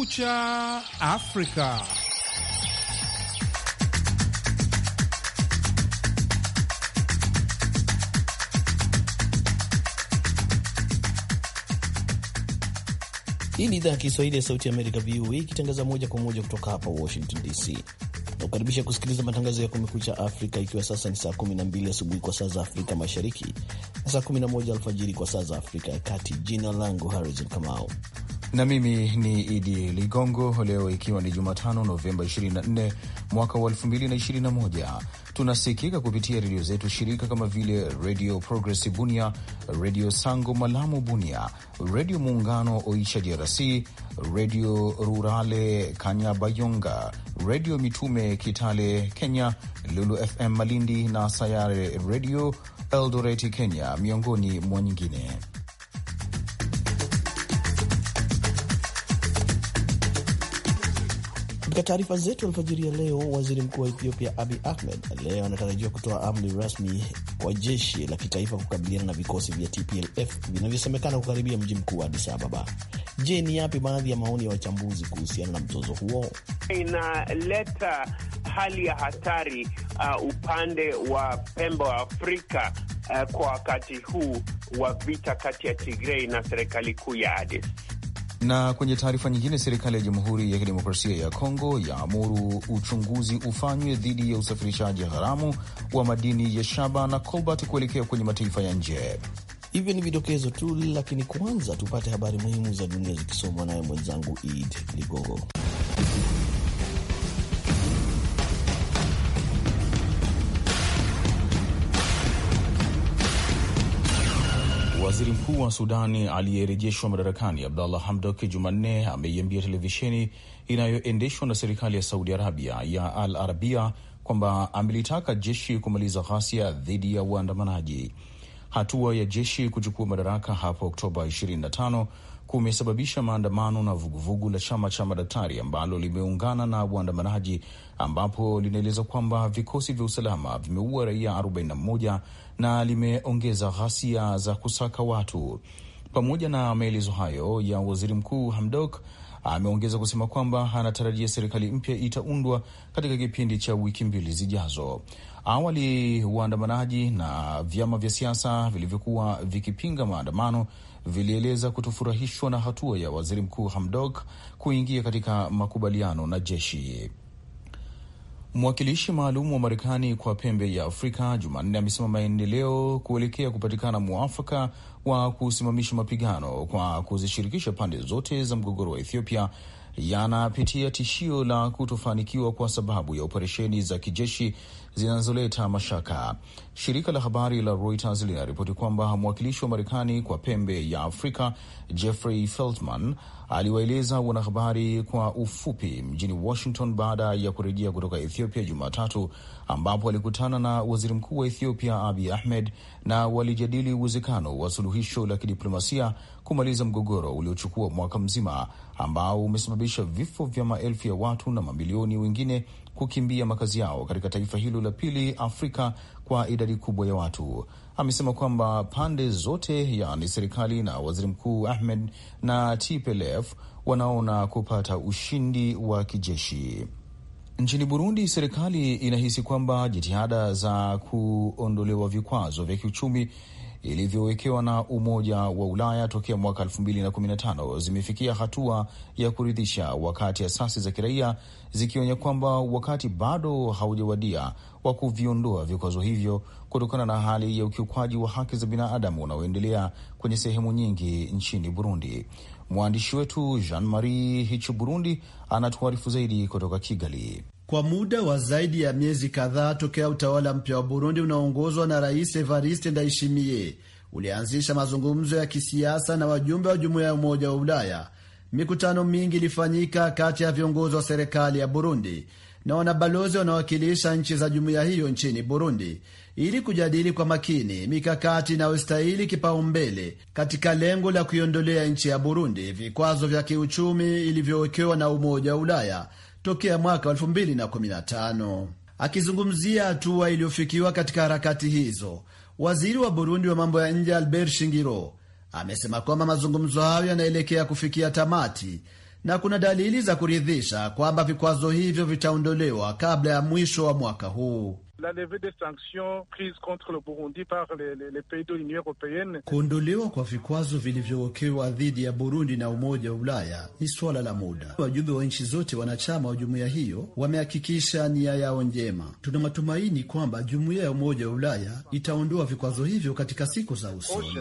Kumekucha Afrika. Hii ni idhaa ya Kiswahili ya Sauti ya Amerika, VOA, ikitangaza moja kwa moja kutoka hapa Washington DC. Nakukaribisha kusikiliza matangazo ya Kumekucha Afrika, ikiwa sasa ni saa 12 asubuhi kwa saa za Afrika Mashariki na saa 11 alfajiri kwa saa za Afrika ya Kati. Jina langu Harrison Kamau, na mimi ni Idi Ligongo. Leo ikiwa ni Jumatano, Novemba 24 mwaka wa 2021, tunasikika kupitia redio zetu shirika kama vile Redio Progress Bunia, Redio Sango Malamu Bunia, Redio Muungano Oicha DRC, Redio Rurale Kanyabayonga, Redio Mitume Kitale Kenya, Lulu FM Malindi na Sayare Redio Eldoreti Kenya, miongoni mwa nyingine. Katika taarifa zetu alfajiri ya leo, waziri mkuu wa Ethiopia abi Ahmed leo anatarajiwa kutoa amri rasmi kwa jeshi la kitaifa kukabiliana na vikosi vya TPLF vinavyosemekana kukaribia mji mkuu wa Adis Ababa. Je, ni yapi baadhi ya maoni ya wachambuzi kuhusiana na mzozo huo? Inaleta hali ya hatari uh, upande wa pembe wa Afrika uh, kwa wakati huu wa vita kati ya Tigrei na serikali kuu ya Adis. Na kwenye taarifa nyingine, serikali ya Jamhuri ya Kidemokrasia ya Kongo yaamuru uchunguzi ufanywe dhidi ya usafirishaji haramu wa madini ya shaba na cobalt kuelekea kwenye mataifa ya nje. Hivyo ni vidokezo tu, lakini kwanza tupate habari muhimu za dunia zikisomwa naye mwenzangu Id ligogo Waziri mkuu wa Sudani aliyerejeshwa madarakani Abdallah Hamdok Jumanne ameiambia televisheni inayoendeshwa na serikali ya Saudi Arabia ya Al Arabia kwamba amelitaka jeshi kumaliza ghasia dhidi ya waandamanaji. Hatua ya jeshi kuchukua madaraka hapo Oktoba 25 kumesababisha maandamano na vuguvugu la chama cha madaktari ambalo limeungana na waandamanaji, ambapo linaeleza kwamba vikosi vya usalama vimeua raia 41 na limeongeza ghasia za kusaka watu. Pamoja na maelezo hayo ya waziri mkuu Hamdok ameongeza kusema kwamba anatarajia serikali mpya itaundwa katika kipindi cha wiki mbili zijazo. Awali waandamanaji na vyama vya siasa vilivyokuwa vikipinga maandamano vilieleza kutofurahishwa na hatua ya waziri mkuu Hamdok kuingia katika makubaliano na jeshi. Mwakilishi maalum wa Marekani kwa pembe ya Afrika Jumanne amesema maendeleo kuelekea kupatikana mwafaka wa kusimamisha mapigano kwa kuzishirikisha pande zote za mgogoro wa Ethiopia yanapitia tishio la kutofanikiwa kwa sababu ya operesheni za kijeshi zinazoleta mashaka. Shirika la habari la Reuters linaripoti kwamba mwakilishi wa Marekani kwa pembe ya Afrika Jeffrey Feltman aliwaeleza wanahabari kwa ufupi mjini Washington baada ya kurejea kutoka Ethiopia Jumatatu, ambapo alikutana na waziri mkuu wa Ethiopia Abiy Ahmed na walijadili uwezekano wa suluhisho la kidiplomasia kumaliza mgogoro uliochukua mwaka mzima ambao umesababisha vifo vya maelfu ya watu na mamilioni wengine kukimbia makazi yao katika taifa hilo la pili Afrika kwa idadi kubwa ya watu. Amesema kwamba pande zote, yaani serikali na waziri mkuu Ahmed na TPLF, wanaona kupata ushindi wa kijeshi. Nchini Burundi, serikali inahisi kwamba jitihada za kuondolewa vikwazo vya kiuchumi ilivyowekewa na Umoja wa Ulaya tokea mwaka 2015 zimefikia hatua ya kuridhisha, wakati asasi za kiraia zikionya kwamba wakati bado haujawadia wa kuviondoa vikwazo hivyo kutokana na hali ya ukiukwaji wa haki za binadamu unaoendelea kwenye sehemu nyingi nchini Burundi. Mwandishi wetu Jean Marie Hichu Burundi anatuarifu zaidi kutoka Kigali. Kwa muda wa zaidi ya miezi kadhaa tokea utawala mpya wa Burundi unaoongozwa na Rais Evariste Ndayishimiye ulianzisha mazungumzo ya kisiasa na wajumbe wa Jumuiya ya Umoja wa Ulaya. Mikutano mingi ilifanyika kati ya viongozi wa serikali ya Burundi na wanabalozi wanaowakilisha nchi za jumuiya hiyo nchini Burundi ili kujadili kwa makini mikakati inayostahili kipaumbele katika lengo la kuiondolea nchi ya Burundi vikwazo vya kiuchumi ilivyowekewa na Umoja wa Ulaya tokea mwaka 2015. Akizungumzia hatua iliyofikiwa katika harakati hizo, waziri wa Burundi wa mambo ya nje Albert Shingiro amesema kwamba mazungumzo hayo yanaelekea kufikia tamati na kuna dalili za kuridhisha kwamba vikwazo hivyo vitaondolewa kabla ya mwisho wa mwaka huu la levée des sanctions prises contre le Burundi par les, les, les pays de l'Union Européenne. Kuondolewa kwa vikwazo vilivyowekewa dhidi ya Burundi na Umoja wa Ulaya ni suala la muda. Wajumbe wa nchi zote wanachama wa jumuiya hiyo wamehakikisha nia yao njema. Tuna matumaini kwamba jumuiya ya Umoja wa Ulaya itaondoa vikwazo hivyo katika siku za usoni.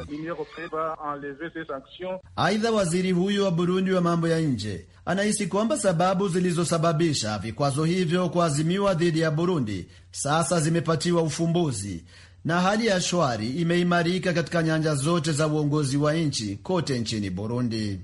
Aidha, waziri huyo wa Burundi wa mambo ya nje anahisi kwamba sababu zilizosababisha vikwazo hivyo kuazimiwa dhidi ya Burundi sasa zimepatiwa ufumbuzi na hali ya shwari imeimarika katika nyanja zote za uongozi wa nchi kote nchini Burundi.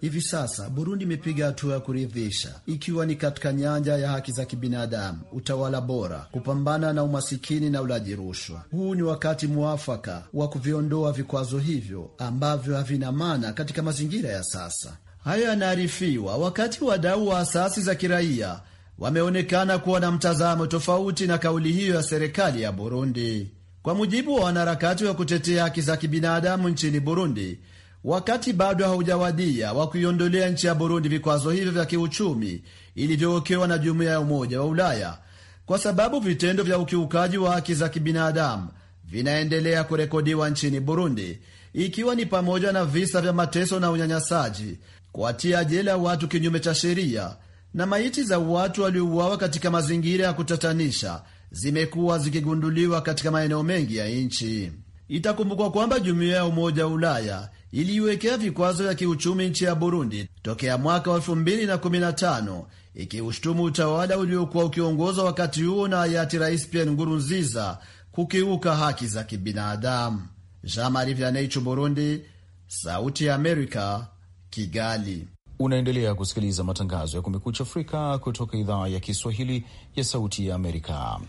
Hivi sasa Burundi imepiga hatua ya kuridhisha, ikiwa ni katika nyanja ya haki za kibinadamu, utawala bora, kupambana na umasikini na ulaji rushwa. Huu ni wakati mwafaka wa kuviondoa vikwazo hivyo ambavyo havina maana katika mazingira ya sasa. Hayo yanaarifiwa wakati wadau wa asasi za kiraia wameonekana kuwa na mtazamo tofauti na kauli hiyo ya serikali ya Burundi. Kwa mujibu wa wanaharakati wa kutetea haki za kibinadamu nchini Burundi, wakati bado haujawadia wa kuiondolea nchi ya Burundi vikwazo hivyo vya kiuchumi ilivyowekewa na Jumuiya ya Umoja wa Ulaya, kwa sababu vitendo vya ukiukaji wa haki za kibinadamu vinaendelea kurekodiwa nchini Burundi, ikiwa ni pamoja na visa vya mateso na unyanyasaji, kuwatia jela watu kinyume cha sheria na maiti za watu waliouawa katika mazingira ya kutatanisha zimekuwa zikigunduliwa katika maeneo mengi ya nchi. Itakumbukwa kwamba jumuiya ya Umoja wa Ulaya iliiwekea vikwazo vya kiuchumi nchi ya Burundi tokea mwaka wa 2015 ikiushtumu utawala uliokuwa ukiongozwa wakati huo na hayati Rais Pierre Ngurunziza kukiuka haki za kibinadamu. Jean Marie Vianney, Burundi, Sauti ya Amerika, Kigali. Unaendelea kusikiliza matangazo ya Kumekucha Afrika kutoka idhaa ya Kiswahili ya Sauti ya Amerika.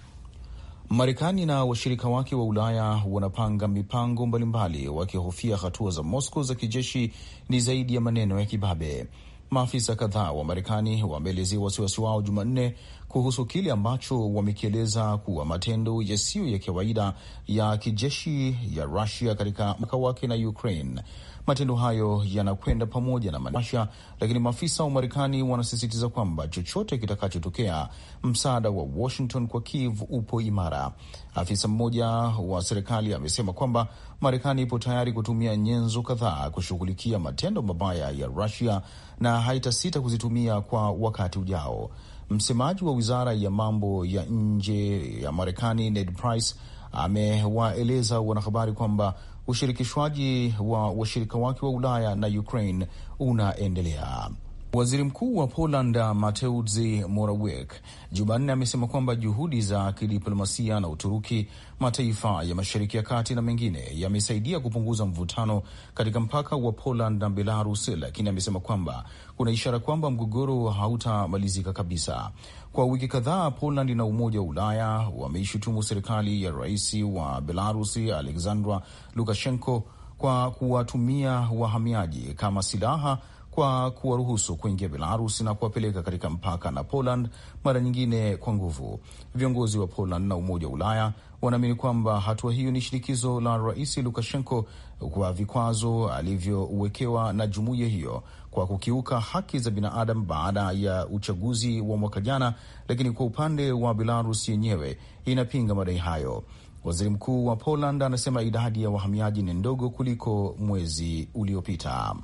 Marekani na washirika wake wa Ulaya wanapanga mipango mbalimbali, wakihofia hatua za Moscow za kijeshi ni zaidi ya maneno ya kibabe. Maafisa kadhaa wa Marekani wameelezea wasiwasi wao Jumanne kuhusu kile ambacho wamekieleza kuwa matendo yasiyo ya kawaida ya kijeshi ya Rusia katika mpaka wake na Ukraine. Matendo hayo yanakwenda pamoja na mashia, lakini maafisa wa Marekani wanasisitiza kwamba chochote kitakachotokea, msaada wa Washington kwa Kiev upo imara. Afisa mmoja wa serikali amesema kwamba Marekani ipo tayari kutumia nyenzo kadhaa kushughulikia matendo mabaya ya Rusia na haitasita kuzitumia kwa wakati ujao. Msemaji wa wizara ya mambo ya nje ya Marekani Ned Price amewaeleza wanahabari kwamba ushirikishwaji wa washirika wake wa Ulaya na Ukraine unaendelea. Waziri Mkuu wa Poland Mateusz Morawiecki Jumanne amesema kwamba juhudi za kidiplomasia na Uturuki, mataifa ya Mashariki ya Kati na mengine yamesaidia kupunguza mvutano katika mpaka wa Poland na Belarus, lakini amesema kwamba kuna ishara kwamba mgogoro hautamalizika kabisa. Kwa wiki kadhaa, Poland na Umoja wa Ulaya wameishutumu serikali ya rais wa Belarus Alexandra Lukashenko kwa kuwatumia wahamiaji kama silaha kwa kuwaruhusu kuingia Belarus na kuwapeleka katika mpaka na Poland, mara nyingine kwa nguvu. Viongozi wa Poland na Umoja wa Ulaya wanaamini kwamba hatua hiyo ni shinikizo la Rais Lukashenko kwa vikwazo alivyowekewa na jumuiya hiyo kwa kukiuka haki za binadamu baada ya uchaguzi wa mwaka jana, lakini kwa upande wa Belarus yenyewe inapinga madai hayo. Waziri Mkuu wa Poland anasema idadi ya wahamiaji ni ndogo kuliko mwezi uliopita.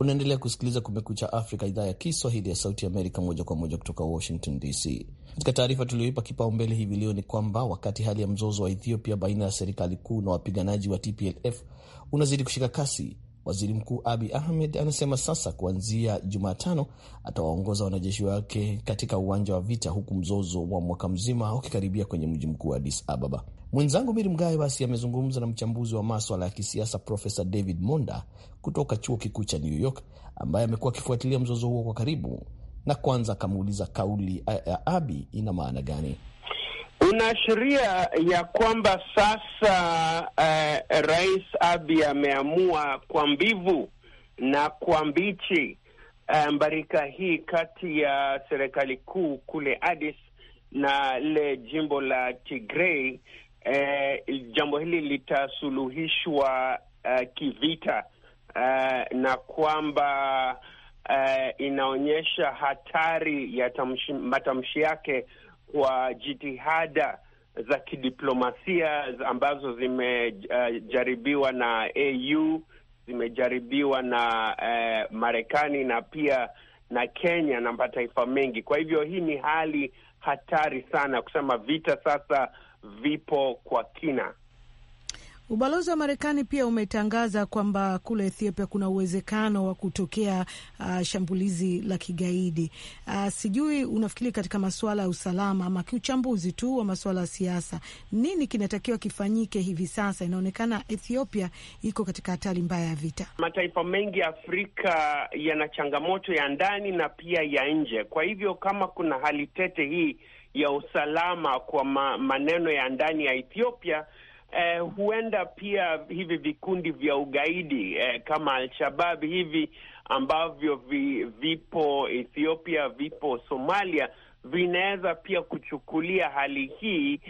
Unaendelea kusikiliza Kumekucha Afrika, idhaa ya Kiswahili ya Sauti Amerika, moja kwa moja kutoka Washington DC. Katika taarifa tuliyoipa kipaumbele hivi leo ni kwamba wakati hali ya mzozo wa Ethiopia baina ya serikali kuu na wapiganaji wa TPLF unazidi kushika kasi, Waziri Mkuu Abi Ahmed anasema sasa kuanzia Jumatano atawaongoza wanajeshi wake katika uwanja wa vita, huku mzozo wa mwaka mzima ukikaribia kwenye mji mkuu wa Addis Ababa. Mwenzangu Miri Mgawe basi amezungumza na mchambuzi wa maswala ya kisiasa Profesa David Monda kutoka chuo kikuu cha New York ambaye amekuwa akifuatilia mzozo huo kwa karibu, na kwanza akamuuliza kauli ya Abi ina maana gani? unaashiria ya kwamba sasa uh, Rais abi ameamua kwa mbivu na kwa mbichi uh, mbarika hii kati ya serikali kuu kule Addis na lile jimbo la Tigray. Uh, jambo hili litasuluhishwa uh, kivita uh, na kwamba uh, inaonyesha hatari ya tamshi, matamshi yake kwa jitihada za kidiplomasia ambazo zimejaribiwa uh, na AU zimejaribiwa na uh, Marekani na pia na Kenya na mataifa mengi. Kwa hivyo hii ni hali hatari sana kusema vita sasa vipo kwa kina. Ubalozi wa Marekani pia umetangaza kwamba kule Ethiopia kuna uwezekano wa kutokea uh, shambulizi la kigaidi uh, sijui unafikiri katika masuala ya usalama ama kiuchambuzi tu wa masuala ya siasa, nini kinatakiwa kifanyike hivi sasa? Inaonekana Ethiopia iko katika hatari mbaya ya vita. Mataifa mengi ya Afrika yana changamoto ya ndani na pia ya nje, kwa hivyo kama kuna hali tete hii ya usalama kwa ma, maneno ya ndani ya Ethiopia eh, huenda pia hivi vikundi vya ugaidi eh, kama Al-Shabab hivi ambavyo vi, vipo Ethiopia, vipo Somalia vinaweza pia kuchukulia hali hii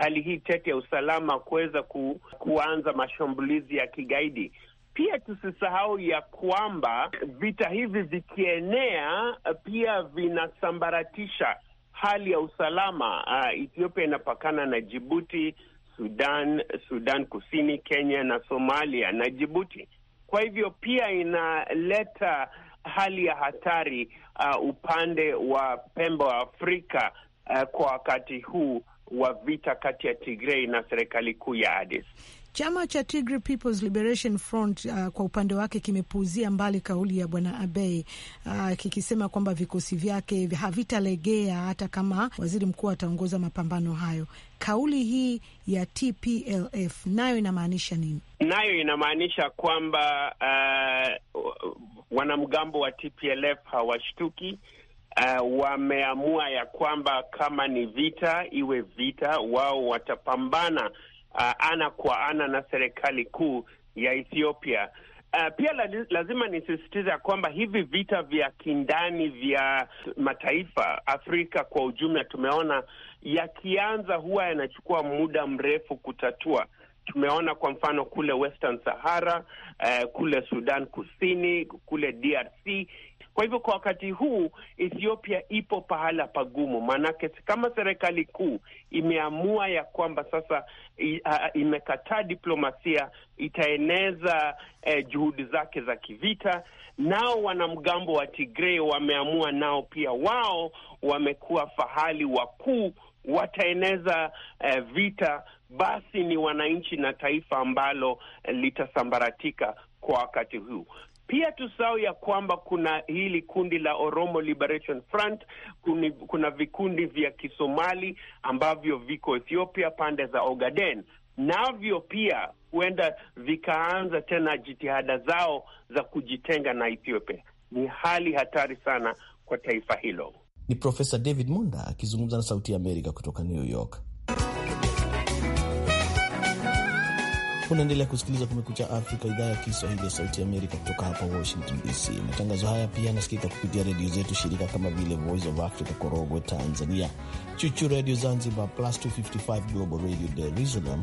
hali hii tete ya usalama kuweza ku, kuanza mashambulizi ya kigaidi. Pia tusisahau ya kwamba vita hivi vikienea eh, pia vinasambaratisha hali ya usalama. Uh, Ethiopia inapakana na Jibuti, Sudan, Sudan Kusini, Kenya na Somalia na Jibuti. Kwa hivyo pia inaleta hali ya hatari uh, upande wa pembe wa Afrika uh, kwa wakati huu wa vita kati ya Tigrei na serikali kuu ya Addis. Chama cha Tigray People's Liberation Front uh, kwa upande wake kimepuuzia mbali kauli ya bwana Abiy uh, kikisema kwamba vikosi vyake havitalegea hata kama waziri mkuu ataongoza mapambano hayo. Kauli hii ya TPLF nayo inamaanisha nini? Nayo inamaanisha kwamba uh, wanamgambo wa TPLF hawashtuki. Uh, wameamua ya kwamba kama ni vita iwe vita, wao watapambana uh, ana kwa ana na serikali kuu ya Ethiopia. Uh, pia lazima nisisitize ya kwamba hivi vita vya kindani vya mataifa Afrika kwa ujumla, tumeona yakianza huwa yanachukua muda mrefu kutatua. Tumeona kwa mfano kule Western Sahara, uh, kule Sudan Kusini, kule DRC kwa hivyo kwa wakati huu Ethiopia ipo pahala pagumu, maanake kama serikali kuu imeamua ya kwamba sasa imekataa diplomasia, itaeneza eh, juhudi zake za kivita. Nao wanamgambo wa tigre wameamua nao pia, wao wamekuwa fahali wakuu, wataeneza eh, vita. Basi ni wananchi na taifa ambalo litasambaratika kwa wakati huu. Pia tusahau ya kwamba kuna hili kundi la Oromo Liberation Front, kuni, kuna vikundi vya Kisomali ambavyo viko Ethiopia pande za Ogaden, navyo pia huenda vikaanza tena jitihada zao za kujitenga na Ethiopia. Ni hali hatari sana kwa taifa hilo. Ni Profesa David Munda akizungumza na Sauti ya Amerika kutoka New York. Unaendelea kusikiliza Kumekucha Afrika, idhaa ya Kiswahili ya Sauti Amerika kutoka hapa Washington DC. Matangazo haya pia yanasikika kupitia redio zetu shirika kama vile Voice of Africa Korogwe Tanzania, Chuchu Redio Zanzibar, Plus 255 Global Radio Dar es Salaam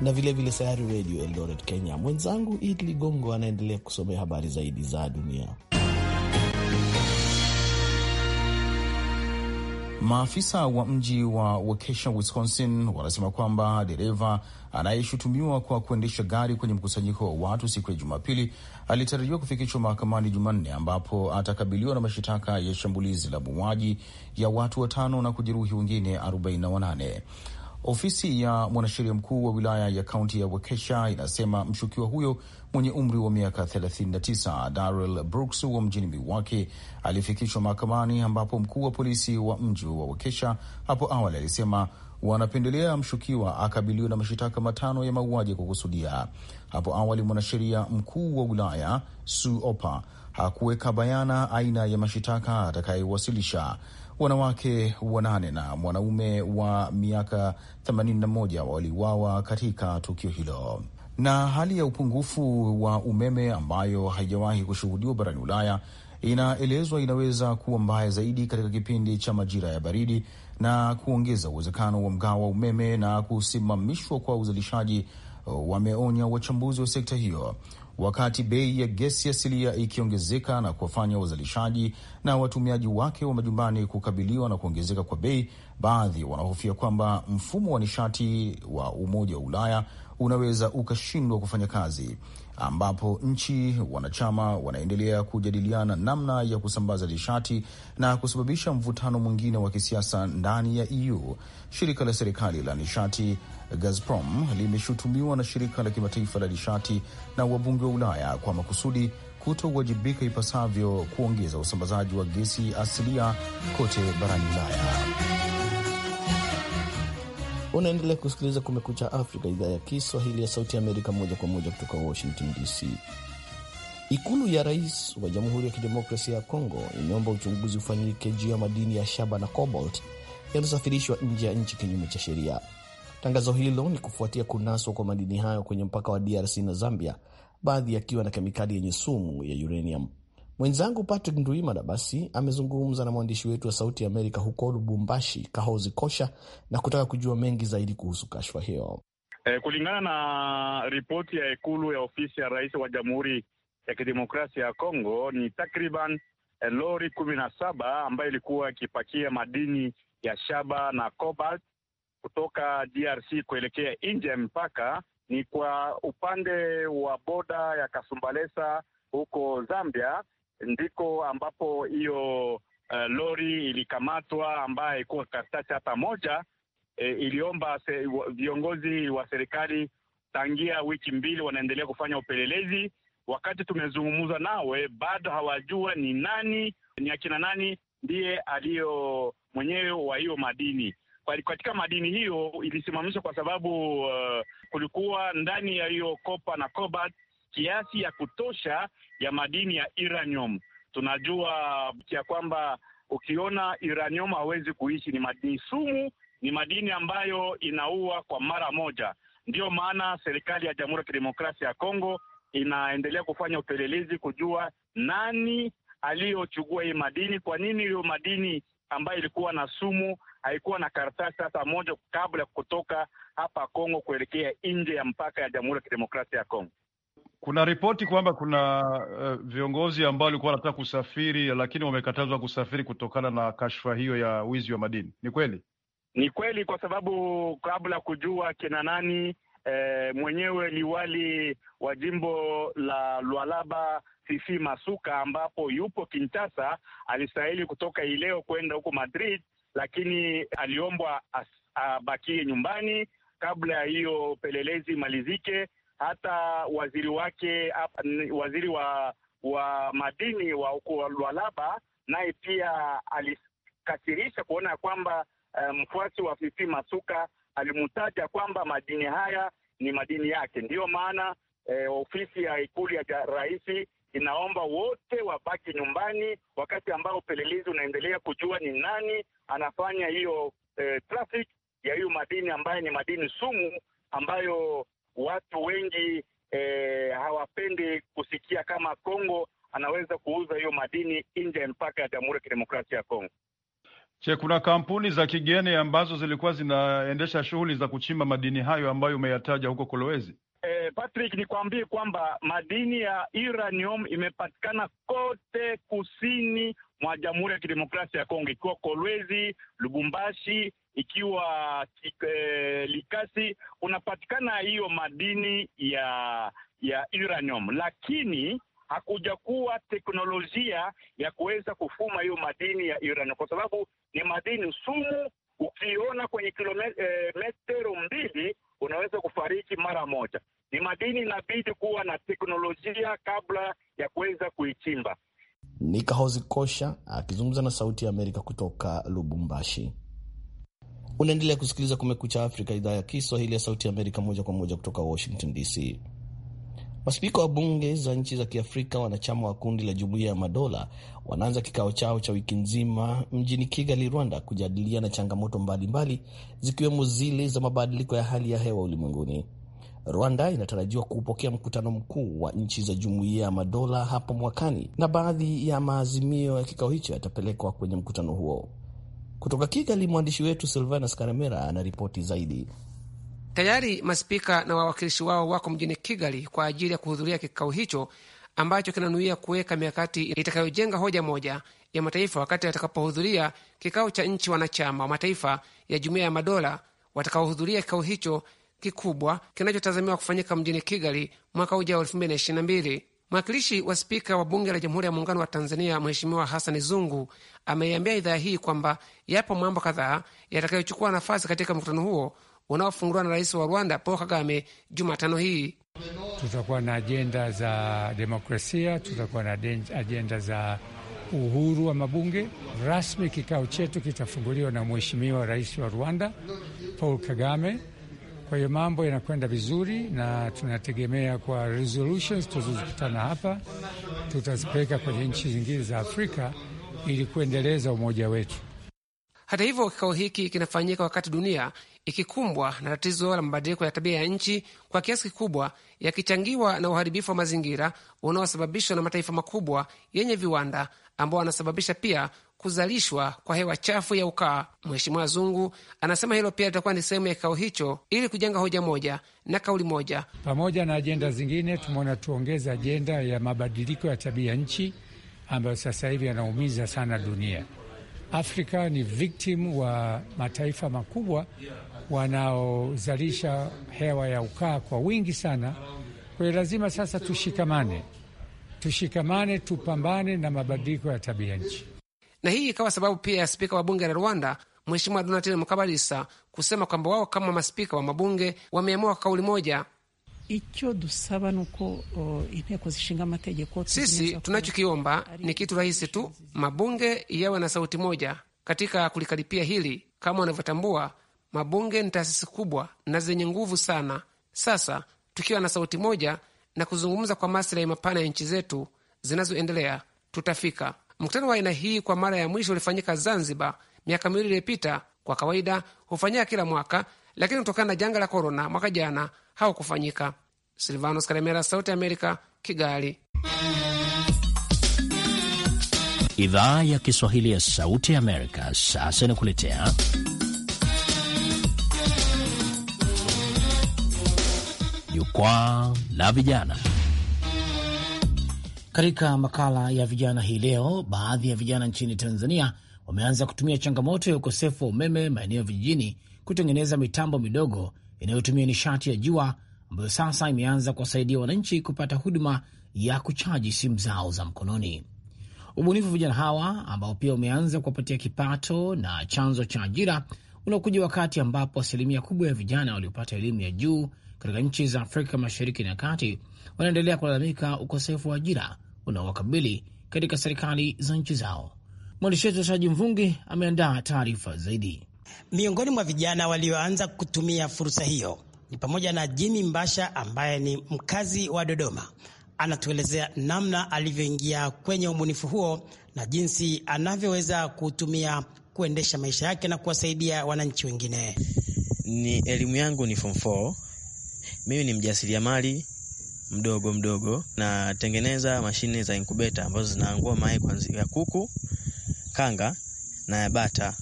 na vilevile vile Sayari Redio Eldoret Kenya. Mwenzangu Idli Ligongo anaendelea kusomea habari zaidi za dunia. Maafisa wa mji wa Waukesha, Wisconsin, wanasema kwamba dereva anayeshutumiwa kwa kuendesha gari kwenye mkusanyiko wa watu siku ya Jumapili alitarajiwa kufikishwa mahakamani Jumanne, ambapo atakabiliwa na mashitaka ya shambulizi la mauaji ya watu watano na kujeruhi wengine 48. Ofisi ya mwanasheria mkuu wa wilaya ya kaunti ya Wakesha inasema mshukiwa huyo mwenye umri wa miaka 39 darel Brooks wa mjini Milwaukee alifikishwa mahakamani, ambapo mkuu wa polisi wa mji wa Wakesha hapo awali alisema wanapendelea mshukiwa akabiliwe na mashitaka matano ya mauaji kwa kusudia. Hapo awali mwanasheria mkuu wa wilaya Suopa hakuweka bayana aina ya mashitaka atakayewasilisha wanawake wanane na mwanaume wa miaka 81 waliuawa katika tukio hilo. Na hali ya upungufu wa umeme ambayo haijawahi kushuhudiwa barani Ulaya inaelezwa inaweza kuwa mbaya zaidi katika kipindi cha majira ya baridi na kuongeza uwezekano wa mgao wa umeme na kusimamishwa kwa uzalishaji, wameonya wachambuzi wa sekta hiyo wakati bei ya gesi asilia ikiongezeka na kuwafanya wazalishaji na watumiaji wake wa majumbani kukabiliwa na kuongezeka kwa bei. Baadhi wanahofia kwamba mfumo wa nishati wa Umoja wa Ulaya unaweza ukashindwa kufanya kazi ambapo nchi wanachama wanaendelea kujadiliana namna ya kusambaza nishati na kusababisha mvutano mwingine wa kisiasa ndani ya EU. Shirika la serikali la nishati Gazprom limeshutumiwa na shirika la kimataifa la nishati na wabunge wa Ulaya kwa makusudi kutowajibika ipasavyo kuongeza usambazaji wa gesi asilia kote barani Ulaya. Unaendelea kusikiliza Kumekucha Afrika, idhaa ya Kiswahili ya Sauti Amerika, moja kwa moja kutoka Washington DC. Ikulu ya rais wa Jamhuri ya Kidemokrasia ya Kongo imeomba uchunguzi ufanyike juu ya madini ya shaba na cobalt yaliyosafirishwa nje ya nchi kinyume cha sheria. Tangazo hilo ni kufuatia kunaswa kwa madini hayo kwenye mpaka wa DRC na Zambia, baadhi yakiwa na kemikali yenye sumu ya uranium. Mwenzangu Patrick Nduimana basi amezungumza na mwandishi wetu wa Sauti ya Amerika huko Lubumbashi, Kahozi Kosha, na kutaka kujua mengi zaidi kuhusu kashfa hiyo. E, kulingana na ripoti ya Ikulu ya ofisi ya rais wa Jamhuri ya Kidemokrasia ya Kongo, ni takriban eh, lori kumi na saba ambayo ilikuwa ikipakia madini ya shaba na cobalt kutoka DRC kuelekea nje ya mpaka ni kwa upande wa boda ya Kasumbalesa huko Zambia ndiko ambapo hiyo uh, lori ilikamatwa ambayo haikuwa karatasi hata moja. E, iliomba se, viongozi wa serikali tangia wiki mbili wanaendelea kufanya upelelezi. Wakati tumezungumza nawe bado hawajua ni nani, ni akina nani ndiye aliyo mwenyewe wa hiyo madini. Katika madini hiyo ilisimamishwa kwa sababu uh, kulikuwa ndani ya hiyo kopa na cobalt kiasi ya kutosha ya madini ya uranium. Tunajua ya kwamba ukiona uranium hawezi kuishi, ni madini sumu, ni madini ambayo inaua kwa mara moja. Ndiyo maana serikali ya Jamhuri ya Kidemokrasia ya Kongo inaendelea kufanya upelelezi kujua nani aliyochukua hii madini, kwa nini hiyo madini ambayo ilikuwa na sumu haikuwa na karatasi hata moja kabla ya kutoka hapa Kongo kuelekea nje ya mpaka ya Jamhuri ya Kidemokrasia ya Kongo. Kuna ripoti kwamba kuna uh, viongozi ambao walikuwa wanataka kusafiri lakini wamekatazwa kusafiri kutokana na kashfa hiyo ya wizi wa madini. Ni kweli? Ni kweli, kwa sababu kabla kujua kina nani eh, mwenyewe liwali wa jimbo la Lualaba Sisi Masuka ambapo yupo Kinshasa alistahili kutoka hii leo kwenda huko Madrid, lakini aliombwa abakie nyumbani kabla ya hiyo pelelezi imalizike hata waziri wake waziri wa wa madini wa huko Lualaba naye pia alikasirisha kuona kwamba eh, mfuasi um, wa Fifi Masuka alimtaja kwamba madini haya ni madini yake. Ndiyo maana eh, ofisi ya ikulu ya rais inaomba wote wabaki nyumbani wakati ambao upelelezi unaendelea kujua ni nani anafanya hiyo eh, traffic ya hiyo madini ambayo ni madini sumu ambayo watu wengi e, hawapendi kusikia kama Kongo anaweza kuuza hiyo madini nje ya mpaka ya Jamhuri ya Kidemokrasia ya Kongo. Je, kuna kampuni za kigeni ambazo zilikuwa zinaendesha shughuli za kuchimba madini hayo ambayo umeyataja huko Kolwezi? Eh, Patrick, nikwambie kwamba madini ya uranium imepatikana kote kusini mwa Jamhuri ya Kidemokrasia ya Kongo, ikiwa Kolwezi, Lubumbashi, ikiwa e, Likasi kunapatikana hiyo madini ya ya uranium, lakini hakuja kuwa teknolojia ya kuweza kufuma hiyo madini ya uranium, kwa sababu ni madini sumu. Ukiona kwenye kilometero eh, e, mbili unaweza kufariki mara moja. Ni madini inabidi kuwa na teknolojia kabla ya kuweza kuichimba. Nikahozi Kosha akizungumza na Sauti ya Amerika kutoka Lubumbashi. Unaendelea kusikiliza Kumekucha Afrika, idhaa ya Kiswahili ya Sauti Amerika, moja kwa moja kutoka Washington DC. Maspika wa bunge za nchi za Kiafrika wanachama wa kundi la Jumuiya ya Madola wanaanza kikao chao cha wiki nzima mjini Kigali, Rwanda, kujadiliana changamoto mbalimbali zikiwemo zile za mabadiliko ya hali ya hewa ulimwenguni. Rwanda inatarajiwa kuupokea mkutano mkuu wa nchi za Jumuiya ya Madola hapo mwakani, na baadhi ya maazimio ya kikao hicho yatapelekwa kwenye mkutano huo. Kutoka Kigali, mwandishi wetu Silvanus Karemera anaripoti zaidi. Tayari maspika na wawakilishi wao wako mjini Kigali kwa ajili ya kuhudhuria kikao hicho ambacho kinanuia kuweka mikakati itakayojenga hoja moja ya mataifa wakati atakapohudhuria kikao cha nchi wanachama wa mataifa ya Jumuiya ya Madola watakaohudhuria kikao hicho kikubwa kinachotazamiwa kufanyika mjini Kigali mwaka ujao 2022. Mwakilishi wa spika wa bunge la Jamhuri ya Muungano wa Tanzania, Mheshimiwa Hasani Zungu ameiambia idhaa hii kwamba yapo mambo kadhaa yatakayochukua nafasi katika mkutano huo unaofunguliwa na rais wa Rwanda Paul Kagame Jumatano hii. Tutakuwa na ajenda za demokrasia, tutakuwa na ajenda za uhuru wa mabunge. Rasmi kikao chetu kitafunguliwa na Mheshimiwa Rais wa Rwanda Paul Kagame. Kwa hiyo mambo yanakwenda vizuri, na tunategemea kwa resolutions hapa tutazipeleka kwenye nchi zingine za Afrika ili kuendeleza umoja wetu. Hata hivyo, kikao hiki kinafanyika wakati dunia ikikumbwa na tatizo la mabadiliko ya tabia ya nchi kwa kiasi kikubwa yakichangiwa na uharibifu wa mazingira unaosababishwa na mataifa makubwa yenye viwanda ambao wanasababisha pia kuzalishwa kwa hewa chafu ya ukaa. Mheshimiwa Zungu anasema hilo pia litakuwa ni sehemu ya kikao hicho ili kujenga hoja moja na kauli moja. Pamoja na ajenda zingine, tumeona tuongeze ajenda ya mabadiliko ya tabia nchi ambayo sasa hivi yanaumiza sana dunia. Afrika ni victim wa mataifa makubwa wanaozalisha hewa ya ukaa kwa wingi sana. Kwa hiyo lazima sasa tushikamane, tushikamane, tupambane na mabadiliko ya tabia nchi na hii ikawa sababu pia ya spika wa bunge la Rwanda Mheshimiwa Donatien Mukabalisa kusema kwamba wao kama maspika wa mabunge wameamua kwa kauli moja. Sisi tunachokiomba ni kitu rahisi tu, mabunge yawe na sauti moja katika kulikaripia hili. Kama wanavyotambua mabunge ni taasisi kubwa na zenye nguvu sana. Sasa tukiwa na sauti moja na kuzungumza kwa maslahi mapana ya nchi zetu zinazoendelea tutafika Mkutano wa aina hii kwa mara ya mwisho ulifanyika Zanzibar miaka miwili iliyopita. Kwa kawaida hufanyika kila mwaka, lakini kutokana na janga la korona mwaka jana haukufanyika. Silvanos Karemera, Sauti Amerika, Kigali. Idhaa ya Kiswahili ya Sauti Amerika sasa inakuletea jukwaa la vijana. Katika makala ya vijana hii leo, baadhi ya vijana nchini Tanzania wameanza kutumia changamoto ya ukosefu wa umeme maeneo vijijini kutengeneza mitambo midogo inayotumia nishati ya jua ambayo sasa imeanza kuwasaidia wananchi kupata huduma ya kuchaji simu zao za mkononi. Ubunifu vijana hawa ambao pia umeanza kuwapatia kipato na chanzo cha ajira unaokuja wakati ambapo asilimia kubwa ya vijana waliopata elimu ya juu katika nchi za Afrika Mashariki na Kati wanaendelea kulalamika ukosefu wa ajira unaowakabili katika serikali za nchi zao. Mwandishi wetu Saji Mvungi ameandaa taarifa zaidi. Miongoni mwa vijana walioanza kutumia fursa hiyo ni pamoja na Jimi Mbasha ambaye ni mkazi wa Dodoma. Anatuelezea namna alivyoingia kwenye ubunifu huo na jinsi anavyoweza kutumia kuendesha maisha yake na kuwasaidia wananchi wengine. Ni elimu yangu ni form 4. Mimi ni mjasiriamali mdogo mdogo, natengeneza mashine za inkubeta ambazo zinaangua mayai kuanzia kuku, kanga na ya bata.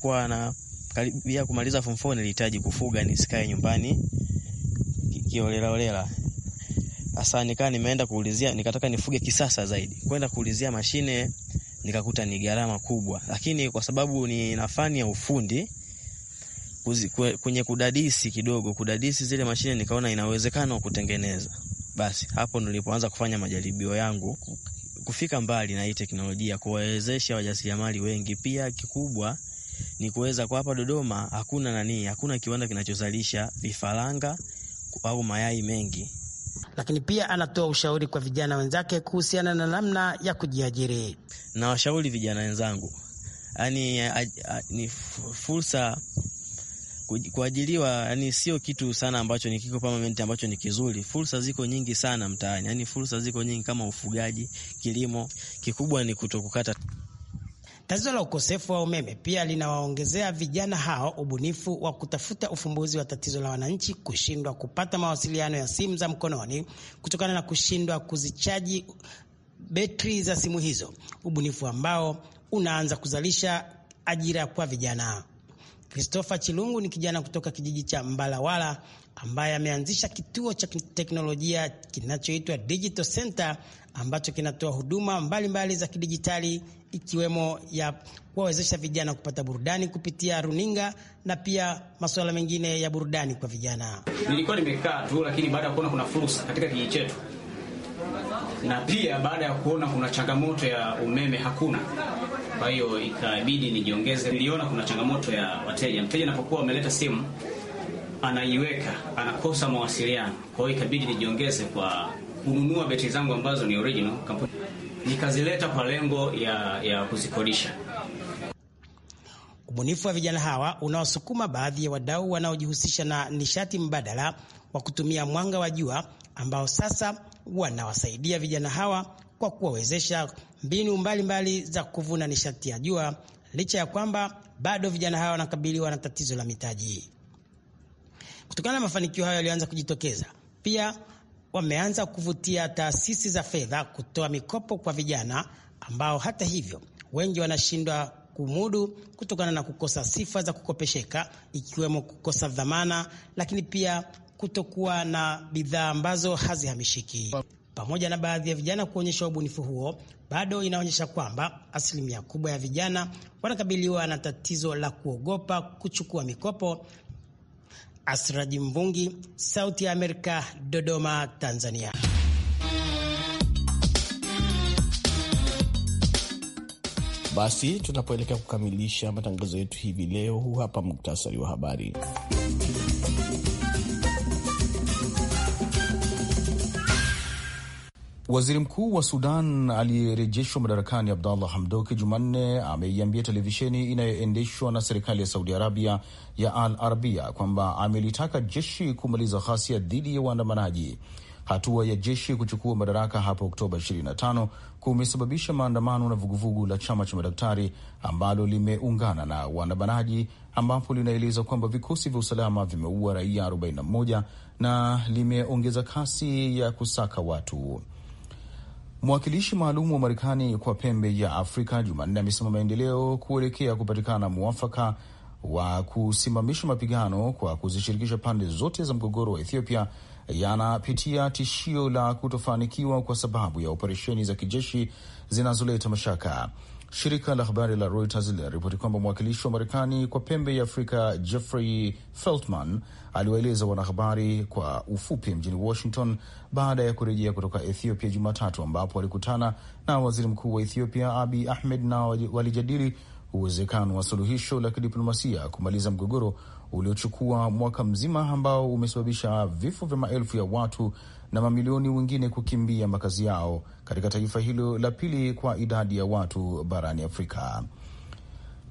Kwa na karibia kumaliza form 4 nilihitaji kufuga, nisikae nyumbani kiolela olela. Sasa nikaa nimeenda kuulizia, nikataka nifuge kisasa zaidi. Kwenda kuulizia mashine nikakuta ni gharama kubwa, lakini kwa sababu nina fani ya ufundi kwenye kudadisi kidogo, kudadisi zile mashine, nikaona inawezekana kutengeneza. Basi hapo nilipoanza kufanya majaribio yangu kufika mbali na hii teknolojia, kuwawezesha wajasiriamali wengi. Pia kikubwa ni kuweza kwa hapa Dodoma hakuna nani, hakuna kiwanda kinachozalisha vifaranga au mayai mengi. Lakini pia anatoa ushauri kwa vijana wenzake kuhusiana na namna ya kujiajiri. Na washauri vijana wenzangu, yani ni fursa kuajiliwa yani sio kitu sana ambacho ni kiko permanent ambacho ni kizuri. Fursa ziko nyingi sana mtaani, yani fursa ziko nyingi kama ufugaji, kilimo. Kikubwa ni kutokukata. Tatizo la ukosefu wa umeme pia linawaongezea vijana hao ubunifu wa kutafuta ufumbuzi wa tatizo la wananchi kushindwa kupata mawasiliano ya simu za mkononi kutokana na kushindwa kuzichaji betri za simu hizo, ubunifu ambao unaanza kuzalisha ajira kwa vijana. Christopher Chilungu ni kijana kutoka kijiji cha Mbalawala ambaye ameanzisha kituo cha teknolojia kinachoitwa Digital Center ambacho kinatoa huduma mbalimbali mbali za kidijitali ikiwemo ya kuwawezesha vijana kupata burudani kupitia runinga na pia masuala mengine ya burudani kwa vijana. Nilikuwa nimekaa tu, lakini baada ya kuona kuna fursa katika kijiji chetu na pia baada ya kuona kuna changamoto ya umeme hakuna, kwa hiyo ikabidi nijiongeze. Niliona kuna changamoto ya wateja, mteja anapokuwa ameleta simu anaiweka, anakosa mawasiliano. Kwa hiyo ikabidi nijiongeze kwa kununua beti zangu ambazo ni original kampuni, nikazileta kwa lengo ya, ya kuzikodisha. Ubunifu wa vijana hawa unawasukuma baadhi ya wadau wanaojihusisha na nishati mbadala wa kutumia mwanga wa jua ambao sasa wanawasaidia vijana hawa kwa kuwawezesha mbinu mbalimbali mbali za kuvuna nishati ya jua, licha ya kwamba bado vijana hawa wanakabiliwa na tatizo la mitaji. Kutokana na mafanikio hayo yaliyoanza kujitokeza, pia wameanza kuvutia taasisi za fedha kutoa mikopo kwa vijana ambao hata hivyo wengi wanashindwa kumudu kutokana na kukosa sifa za kukopesheka, ikiwemo kukosa dhamana, lakini pia kutokuwa na bidhaa ambazo hazihamishiki. Pamoja na baadhi ya vijana kuonyesha ubunifu huo, bado inaonyesha kwamba asilimia kubwa ya vijana wanakabiliwa na tatizo la kuogopa kuchukua mikopo. Asraji Mvungi, Sauti ya Amerika, Dodoma, Tanzania. Basi tunapoelekea kukamilisha matangazo yetu hivi leo, huu hapa muktasari wa habari. Waziri mkuu wa Sudan aliyerejeshwa madarakani Abdallah Hamdok Jumanne ameiambia televisheni inayoendeshwa na serikali ya Saudi Arabia ya Al Arabia kwamba amelitaka jeshi kumaliza ghasia dhidi ya waandamanaji. Hatua ya jeshi kuchukua madaraka hapo Oktoba 25 kumesababisha maandamano na vuguvugu la chama cha madaktari ambalo limeungana na waandamanaji, ambapo linaeleza kwamba vikosi vya usalama vimeua raia 41 na limeongeza kasi ya kusaka watu. Mwakilishi maalum wa Marekani kwa pembe ya Afrika Jumanne amesema maendeleo kuelekea kupatikana mwafaka wa kusimamisha mapigano kwa kuzishirikisha pande zote za mgogoro wa Ethiopia yanapitia tishio la kutofanikiwa kwa sababu ya operesheni za kijeshi zinazoleta mashaka. Shirika la habari la Reuters linaripoti kwamba mwakilishi wa Marekani kwa pembe ya Afrika Jeffrey Feltman aliwaeleza wanahabari kwa ufupi mjini Washington baada ya kurejea kutoka Ethiopia Jumatatu, ambapo walikutana na waziri mkuu wa Ethiopia Abi Ahmed na walijadili uwezekano wa suluhisho la kidiplomasia kumaliza mgogoro uliochukua mwaka mzima ambao umesababisha vifo vya maelfu ya watu na mamilioni wengine kukimbia makazi yao katika taifa hilo la pili kwa idadi ya watu barani Afrika.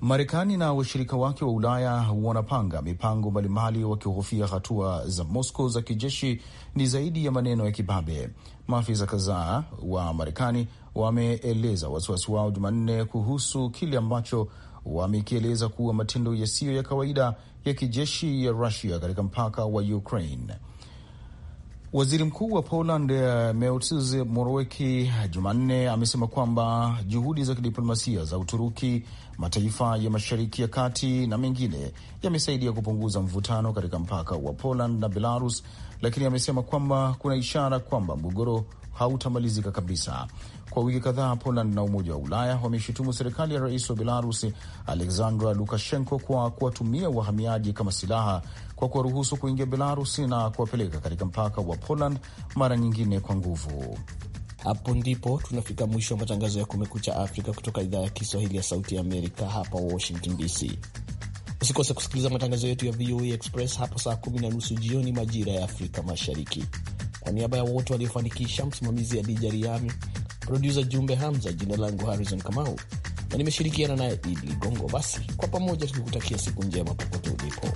Marekani na washirika wake wa Ulaya wanapanga mipango mbalimbali wakihofia hatua za Moscow za kijeshi ni zaidi ya maneno ya kibabe. Maafisa kadhaa wa Marekani wameeleza wasiwasi wao Jumanne kuhusu kile ambacho wamekieleza kuwa matendo yasiyo ya kawaida ya kijeshi ya Rusia katika mpaka wa Ukraine. Waziri Mkuu wa Poland eh, Meutz Morawiecki Jumanne amesema kwamba juhudi za kidiplomasia za Uturuki, mataifa ya Mashariki ya Kati na mengine yamesaidia kupunguza mvutano katika mpaka wa Poland na Belarus, lakini amesema kwamba kuna ishara kwamba mgogoro hautamalizika kabisa. Kwa wiki kadhaa, Poland na Umoja wa Ulaya wameshutumu serikali ya rais wa Belarusi Alexandra Lukashenko kwa kuwatumia wahamiaji kama silaha kwa kuwaruhusu kuingia Belarusi na kuwapeleka katika mpaka wa Poland, mara nyingine kwa nguvu. Hapo ndipo tunafika mwisho wa matangazo ya Kumekucha Afrika kutoka idhaa ya Kiswahili ya Sauti ya Amerika, hapa Washington DC. Usikose kusikiliza matangazo yetu ya VOA Express hapo saa kumi na nusu jioni majira ya Afrika Mashariki. Kwa niaba ya wote waliofanikisha, msimamizi Adija Riami, produsa Jumbe Hamza, jina langu Harrison Kamau na nimeshirikiana naye Idi Ligongo. Basi kwa pamoja tukikutakia siku njema popote ulipo.